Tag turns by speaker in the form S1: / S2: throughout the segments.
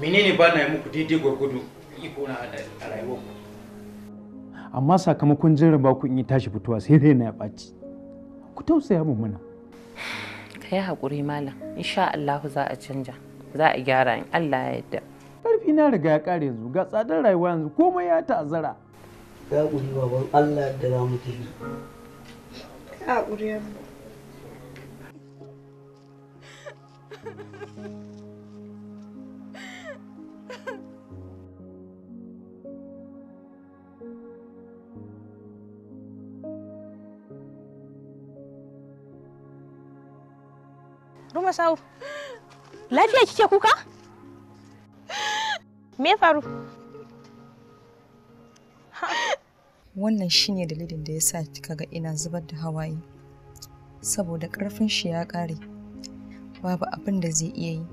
S1: menene ba na yi muku daidai gwargwado iko na a rayuwarku amma sakamakon ku kun yi tashi fitowa sai dai na ya ɓaci ku tausaya mu mana ka yi haƙuri malam insha Allah za a canja za a gyara in Allah ya yarda ƙarfi na riga ya ƙare yanzu ga tsadar rayuwa yanzu komai ya ta'azzara ya ƙuri baban Allah da za mu tafi
S2: ya ƙuri yanzu Ruma sau. Lafiya kike kuka? Me faru? Wannan shine dalilin da yasa kika ga ina zubar da hawaye. Saboda karfin shi ya ƙare. Babu abin da zai iya yi.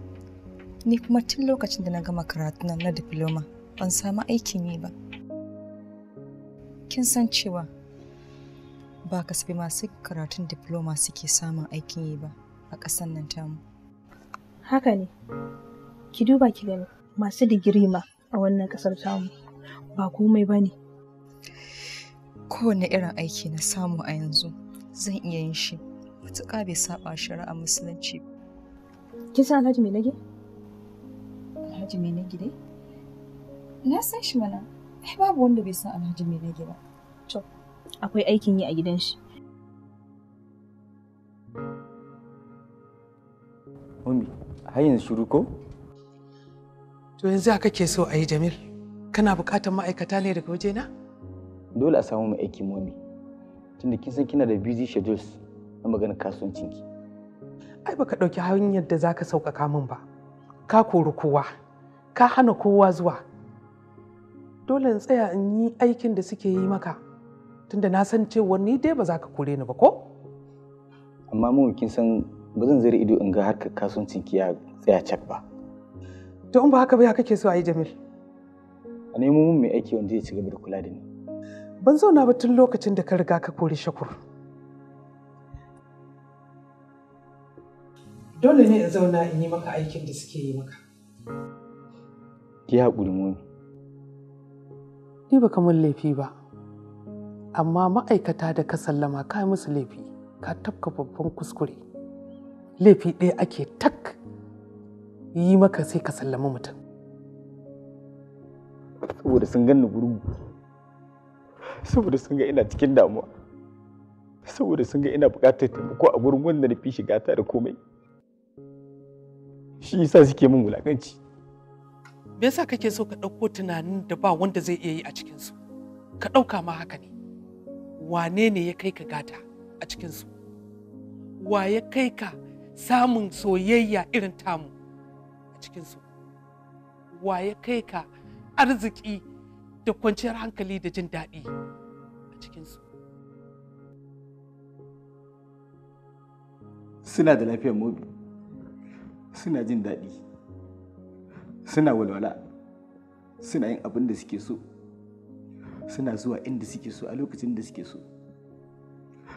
S2: Ni kuma tun lokacin da na gama karatu na diploma ban samu aikin yi ba. Kin san cewa ba kasafi masu karatun diploma suke samun aikin yi ba. a ƙasar nan tamu. Haka ne, ki duba ki gani masu digiri ma a wannan ƙasar tamu ba komai ba ne. Kowane irin aiki na samu a yanzu zan iya yin shi matuƙa bai saba shari'a musulunci. Kin san Alhaji Mai Nage? Alhaji Mai Nage dai? Na san shi mana, ai babu wanda bai san Alhaji Mai Nage ba. To, akwai aikin yi a gidan shi. Mami, har yanzu shiru ko?
S1: To yanzu haka ke so a yi Jamil? Kana buƙatar ma'aikata ne daga wajena? Dole a samu mai aiki Mami. Tunda kin san kina da busy schedules na maganar kasuwancinki. Ai baka ɗauki hanyar da zaka sauƙaƙa min ba. Ka kori kowa, ka hana kowa zuwa. Dole in tsaya in yi aikin da suke yi maka. Tunda na san cewa ni dai ba za ka kore ni ba ko? Amma mu kin san ba zan zira ido in ga harkar kasuwancin ki ya tsaya cak ba to in ba haka ba ya kake so a yi jamil a nemo mun mai aiki wanda zai ci gaba da kula da ni ban zauna ba tun lokacin da ka riga ka kori shakur dole ne in zauna in yi maka aikin da suke yi maka ki haƙuri mun. ni ba kamar laifi ba amma ma'aikata da ka sallama ka yi musu laifi ka tafka babban kuskure laifi ɗaya ake tak yi maka sai ka sallama mutum saboda sun ganni gurgu saboda sun ga ina cikin damuwa saboda sun ga ina buƙatar taimako a gurin wanda na fi shiga ta da komai
S2: shi yasa suke min wulakanci
S1: me yasa kake so ka ɗauko tunanin da ba wanda zai iya yi a cikinsu ka ɗauka ma haka ne wane ne ya kai ka gata a cikinsu wa ya kai ka samun soyayya irin tamu a cikinsu wa ya kai ka arziki da kwanciyar hankali da jin daɗi a cikinsu
S2: suna da lafiyar mobi suna jin daɗi suna walwala suna yin abin da suke so suna zuwa inda suke so a lokacin da suke so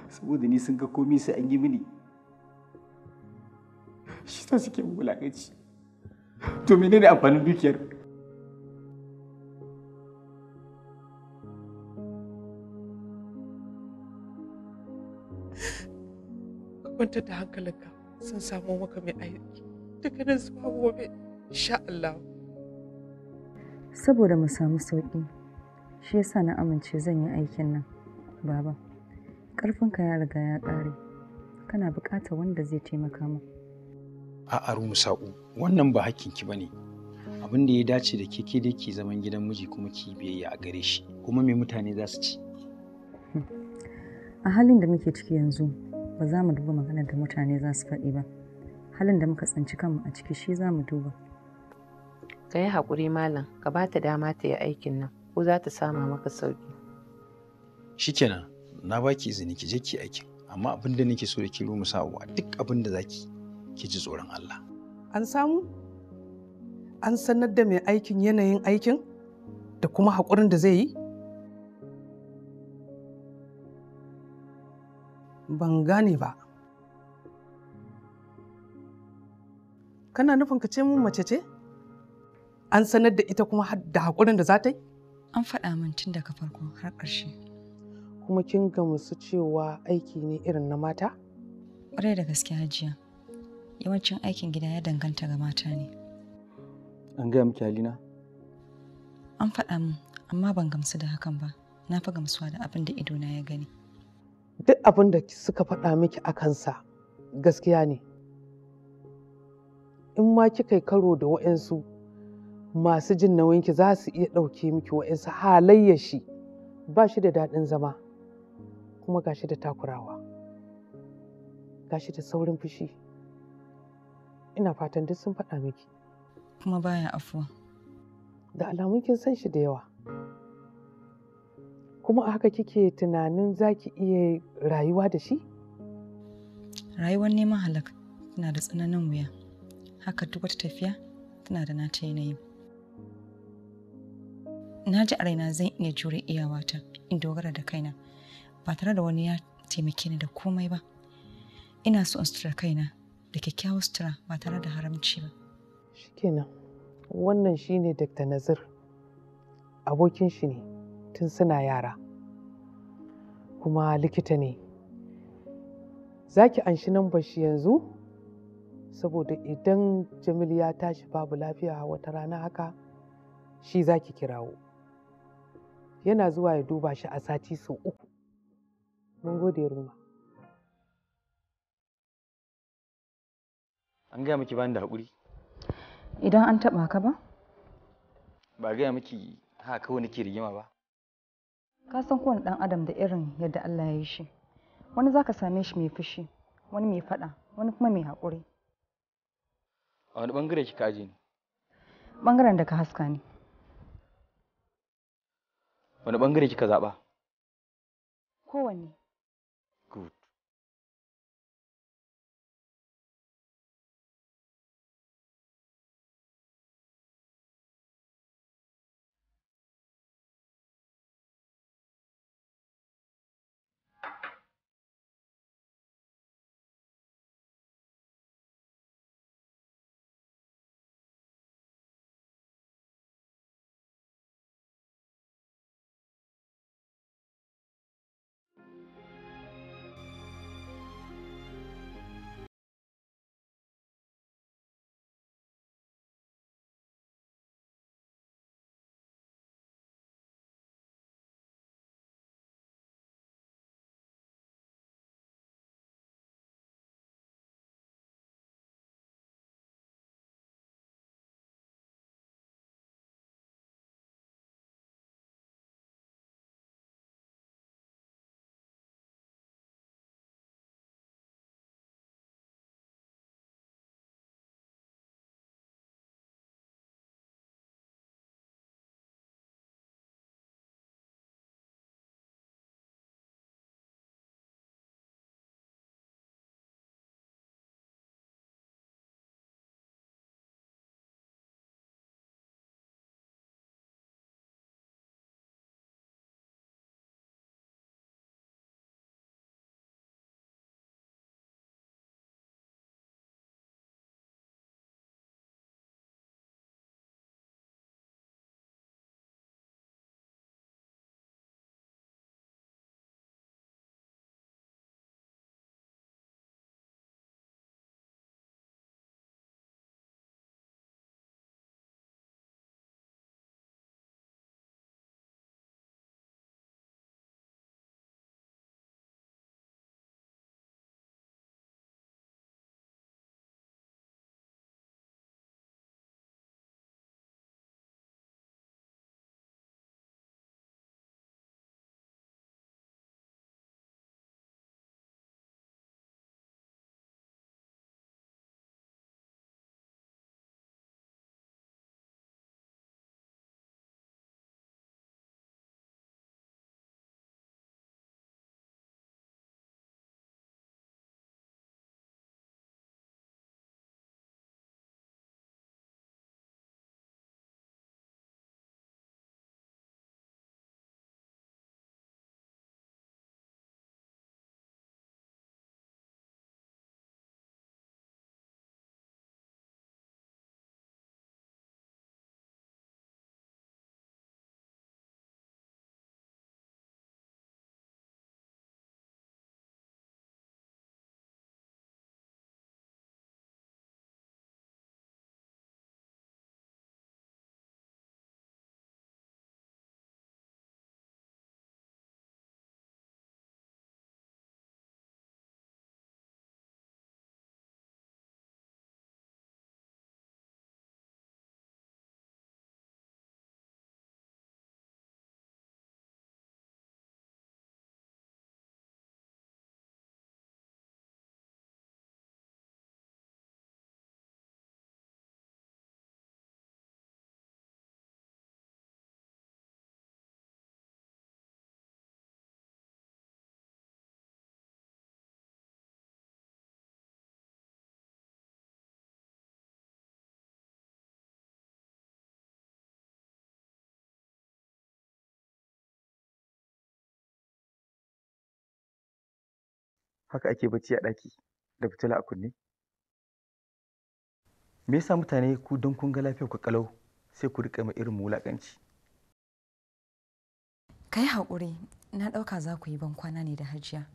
S2: saboda ni sun ga komi sai an yi mini
S1: shi ta suke wulaƙaci to ne amfanin dukiyar kwanta da hankalinka sun samu maka mai aiki duka nan zuwa gobe insha Allah
S2: saboda mu samu sauƙi shi yasa na amince zan yi aikin nan baba ƙarfinka ya riga ya ƙare kana buƙatar wanda zai taimaka maka
S1: a aru musa'u wannan ba hakkinki ba ne abin da ya dace da ke ke da ke zaman gidan miji kuma ki biyayya a gare shi kuma me mutane za su ci
S2: a halin da muke ciki yanzu ba za mu duba maganar da mutane za su faɗi ba halin da muka tsinci kanmu a ciki shi za mu duba
S1: ka yi haƙuri malam ka ba ta dama ta yi aikin nan ko za ta sama maka sauƙi shikenan na baki izini ki je ki aikin amma abin da nake so da ki musa'u a duk abin da zaki ki ji tsoron Allah. An samu? An sanar da mai aikin yanayin aikin da kuma haƙurin da zai yi? Ban gane ba. Kana nufin ka ce mun mace ce? An sanar da ita kuma da haƙurin da za ta yi? An faɗa min tun daga farko har ƙarshe. Kuma kin gamsu cewa aiki ne irin na mata?
S2: Ƙwarai da gaske hajiya. yawancin aikin gida ya danganta ga mata ne.
S1: An gaya miki halina? An faɗa min, amma ban gamsu da hakan ba. Na fi gamsuwa da abin da idona ya gani. Duk abin da suka faɗa miki a kansa gaskiya ne. In ma kika yi karo da wa'insu masu jin nauyinki za su iya ɗauke miki wa'insu halayya shi ba shi da daɗin zama kuma gashi da takurawa gashi da saurin fushi. ina fatan duk sun faɗa miki kuma baya afuwa da alamun kin san shi da yawa kuma a haka kike tunanin za ki iya rayuwa da shi
S2: rayuwar neman halak tana da tsananin wuya haka duk wata tafiya tana da nata yanayi na ji a raina zan iya jure iyawata in dogara da kaina ba tare da wani ya taimake ni da komai ba ina so in sutura kaina da kyakkyawar sutura ba tare da haramci ba.
S1: Shikenan wannan shine Dr. Nazir abokin shi ne tun suna yara kuma likita ne. Za ki anshi nan shi yanzu saboda idan jamil ya tashi babu lafiya wata rana haka shi za ki kirawo. Yana zuwa ya duba shi a sati sau uku. Mun gode Ruma.
S2: An gaya miki bani da haƙuri?
S1: Idan an taɓa
S2: ka ba? Ba gaya miki haka kawai nake rigima ba. Ka san kowane ɗan adam da irin yadda Allah ya yi shi. Wani za ka same shi mai fushi, wani mai faɗa, wani kuma mai haƙuri. A wani ɓangare kika aje ni? Ɓangaren da ka haska ni. Wani ɓangare kika zaɓa? Kowanne. haka ake bacci a ɗaki da fitila a kunne me yasa mutane ku don kun ga lafiyar ku kalau sai ku rika mai irin wulakanci kai haƙuri na ɗauka za ku yi ban kwana ne da hajiya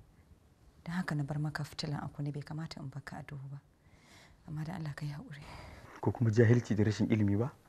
S2: don haka na bar maka fitila a kunne bai kamata in baka a duhu ba amma da Allah kai haƙuri
S1: ko kuma jahilci da rashin ilimi ba